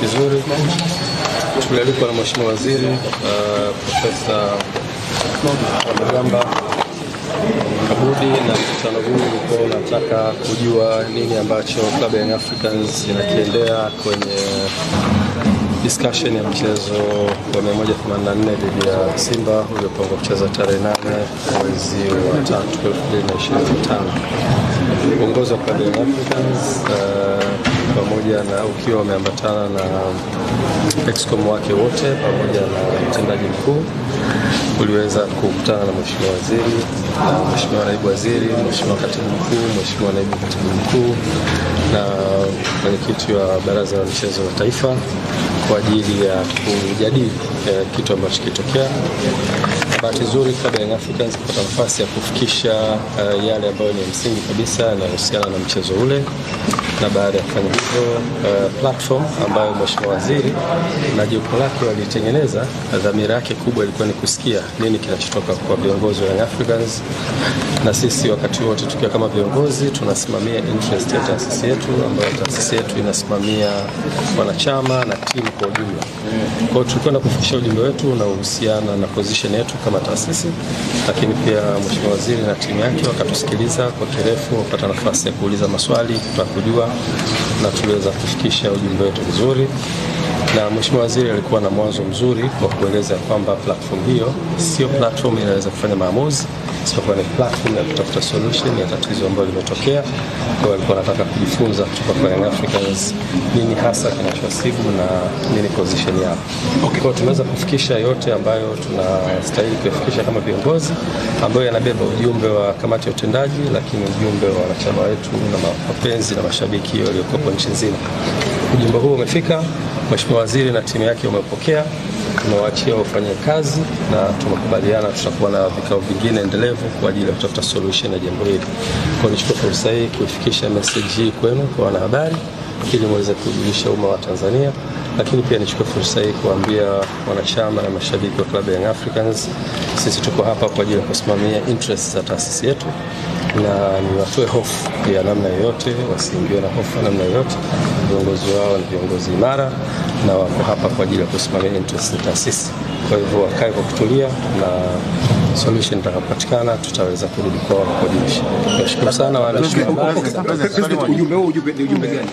kizuri. Tulialikwa na Mheshimiwa Waziri uh, Profesa Palamagamba Kabudi, na mkutano huu ulikuwa unataka kujua nini ambacho Club ya Africans inakiendea kwenye discussion ya mchezo wa 184 dhidi ya Simba uliopangwa kucheza tarehe 8 mwezi wa 3 2025. Uongozi wa Club Africans uh, pamoja na ukiwa wameambatana na excom wake wote pamoja na mtendaji mkuu uliweza kukutana na mheshimiwa waziri mheshimiwa naibu waziri, mheshimiwa katibu mkuu, mheshimiwa naibu katibu mkuu na mwenyekiti wa Baraza la Michezo la Taifa kwa ajili ya kujadili eh, kitu ambacho kilitokea. Bahati nzuri kabla ya Africans kupata nafasi ya kufikisha uh, yale ambayo ni msingi kabisa yanayohusiana na mchezo ule, na baada ya kufanya hivyo uh, platform ambayo mheshimiwa waziri na jopo lake walitengeneza, dhamira yake kubwa ilikuwa ni kusikia nini kinachotoka kwa viongozi wa Africans, na sisi wakati wote tukiwa kama viongozi tunasimamia interest ya taasisi yetu ambayo taasisi yetu inasimamia wanachama na timu kwa ujumla. Kwa hiyo tulikwenda kufikisha ujumbe wetu unaohusiana na position yetu kama taasisi, lakini pia Mheshimiwa Waziri na timu yake wakatusikiliza kwa kirefu, wakapata nafasi ya kuuliza maswali, kutaka kujua na tuliweza kufikisha ujumbe wetu vizuri na Mheshimiwa Waziri alikuwa na mwanzo mzuri kwa kueleza kwamba platform hiyo sio platform inaweza kufanya maamuzi, isipokuwa ni platform ya kutafuta solution ya tatizo ambalo limetokea. Kwa hiyo alikuwa anataka kujifunza kutoka kwa Young Africans nini hasa kinachosibu na nini position yao. Okay. Kwa tumeweza kufikisha yote ambayo tunastahili kuyafikisha kama viongozi, ambayo yanabeba ujumbe wa kamati ya utendaji, lakini ujumbe wa wanachama wetu na mapenzi na mashabiki waliokuwa nchi nzima. Ujumbe huu umefika, Mheshimiwa Waziri na timu yake umepokea, tumewaachia wafanye kazi na tumekubaliana tutakuwa na vikao vingine endelevu kwa ajili ya kutafuta solution ya jambo hili. Kwa nichukue fursa hii kuifikisha message hii kwenu kwa wanahabari ili muweze kujulisha umma wa Tanzania, lakini pia nichukue fursa hii kuambia wanachama na mashabiki wa klabu ya Young Africans, sisi tuko hapa kwa ajili ya kusimamia interest za taasisi yetu na niwatoe hofu ya namna yoyote, wasiingiwe na hofu ya namna yoyote. Viongozi wao ni viongozi imara na wako hapa kwa ajili ya kusimamia interest ya taasisi. Kwa hivyo wakae kwa kutulia na solution itakapatikana tutaweza kurudi kwao kuwajulisha. Nashukuru sana waandishi wa habari. Ujumbe ujumbe gani?